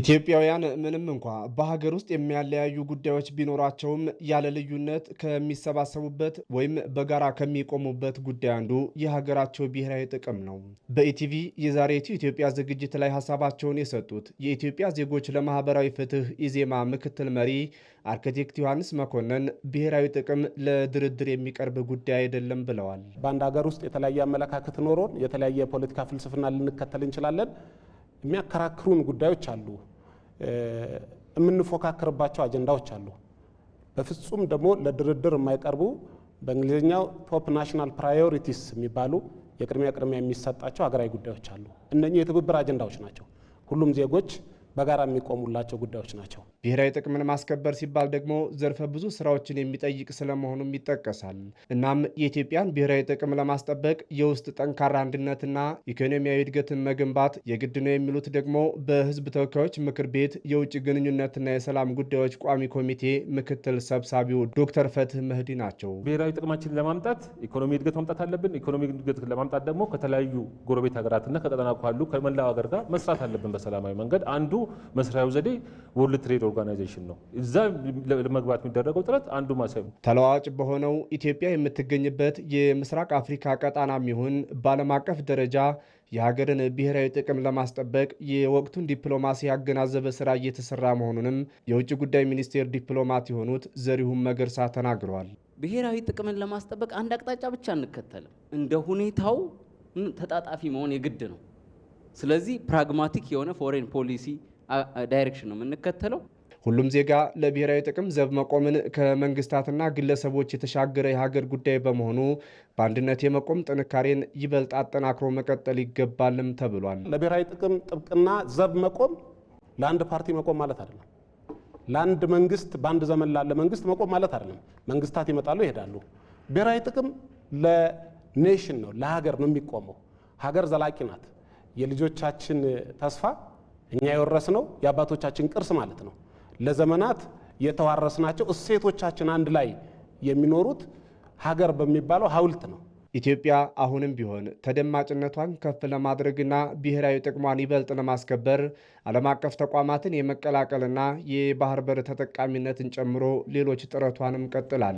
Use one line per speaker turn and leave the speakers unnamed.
ኢትዮጵያውያን ምንም እንኳ በሀገር ውስጥ የሚያለያዩ ጉዳዮች ቢኖራቸውም ያለ ልዩነት ከሚሰባሰቡበት ወይም በጋራ ከሚቆሙበት ጉዳይ አንዱ የሀገራቸው ብሔራዊ ጥቅም ነው። በኢቲቪ የዛሬቱ ኢትዮጵያ ዝግጅት ላይ ሀሳባቸውን የሰጡት የኢትዮጵያ ዜጎች ለማህበራዊ ፍትህ ኢዜማ ምክትል መሪ አርክቴክት ዮሐንስ መኮንን ብሔራዊ ጥቅም ለድርድር የሚቀርብ ጉዳይ አይደለም ብለዋል።
በአንድ ሀገር ውስጥ የተለያየ አመለካከት ኖሮን የተለያየ የፖለቲካ ፍልስፍና ልንከተል እንችላለን። የሚያከራክሩን ጉዳዮች አሉ። የምንፎካከርባቸው አጀንዳዎች አሉ። በፍጹም ደግሞ ለድርድር የማይቀርቡ በእንግሊዝኛው ቶፕ ናሽናል ፕራዮሪቲስ የሚባሉ የቅድሚያ ቅድሚያ የሚሰጣቸው ሀገራዊ ጉዳዮች አሉ። እነኚህ የትብብር አጀንዳዎች ናቸው። ሁሉም ዜጎች በጋራ የሚቆሙላቸው ጉዳዮች ናቸው።
ብሔራዊ ጥቅምን ማስከበር ሲባል ደግሞ ዘርፈ ብዙ ስራዎችን የሚጠይቅ ስለመሆኑም ይጠቀሳል። እናም የኢትዮጵያን ብሔራዊ ጥቅም ለማስጠበቅ የውስጥ ጠንካራ አንድነትና ኢኮኖሚያዊ እድገትን መገንባት የግድ ነው የሚሉት ደግሞ በሕዝብ ተወካዮች ምክር ቤት የውጭ ግንኙነትና የሰላም ጉዳዮች ቋሚ ኮሚቴ ምክትል ሰብሳቢው ዶክተር ፈትህ መህዲ ናቸው።
ብሔራዊ ጥቅማችን ለማምጣት ኢኮኖሚ እድገት ማምጣት አለብን። ኢኮኖሚ እድገት ለማምጣት ደግሞ ከተለያዩ ጎረቤት ሀገራትና ከቀጠና ካሉ ከመላው ሀገር ጋር መስራት አለብን። በሰላማዊ መንገድ አንዱ መስሪያው ዘዴ ወርልድ ትሬድ ኦርጋናይዜሽን ነው። እዛ ለመግባት የሚደረገው ጥረት አንዱ ማሳይ ነው።
ተለዋዋጭ በሆነው ኢትዮጵያ የምትገኝበት የምስራቅ አፍሪካ ቀጣና ሚሆን በዓለም አቀፍ ደረጃ የሀገርን ብሔራዊ ጥቅም ለማስጠበቅ የወቅቱን ዲፕሎማሲ ያገናዘበ ስራ እየተሰራ መሆኑንም የውጭ ጉዳይ ሚኒስቴር ዲፕሎማት የሆኑት ዘሪሁን መገርሳ ተናግረዋል።
ብሔራዊ ጥቅምን ለማስጠበቅ አንድ አቅጣጫ ብቻ አንከተልም። እንደ ሁኔታው ተጣጣፊ መሆን የግድ ነው። ስለዚህ ፕራግማቲክ የሆነ ፎሬን ፖሊሲ ዳይሬክሽን ነው የምንከተለው።
ሁሉም ዜጋ ለብሔራዊ ጥቅም ዘብ መቆምን ከመንግስታትና ግለሰቦች የተሻገረ የሀገር ጉዳይ በመሆኑ በአንድነት የመቆም ጥንካሬን ይበልጥ አጠናክሮ መቀጠል ይገባልም ተብሏል። ለብሔራዊ ጥቅም ጥብቅና
ዘብ መቆም ለአንድ ፓርቲ መቆም ማለት አይደለም። ለአንድ መንግስት፣ በአንድ ዘመን ላለ መንግስት መቆም ማለት አይደለም። መንግስታት ይመጣሉ፣ ይሄዳሉ። ብሔራዊ ጥቅም ለኔሽን ነው፣ ለሀገር ነው የሚቆመው። ሀገር ዘላቂ ናት። የልጆቻችን ተስፋ እኛ የወረስነው የአባቶቻችን ቅርስ ማለት ነው። ለዘመናት የተዋረስናቸው እሴቶቻችን አንድ ላይ የሚኖሩት ሀገር በሚባለው ሀውልት
ነው። ኢትዮጵያ አሁንም ቢሆን ተደማጭነቷን ከፍ ለማድረግና ብሔራዊ ጥቅሟን ይበልጥ ለማስከበር ዓለም አቀፍ ተቋማትን የመቀላቀልና የባህር በር ተጠቃሚነትን ጨምሮ ሌሎች ጥረቷንም ቀጥላል።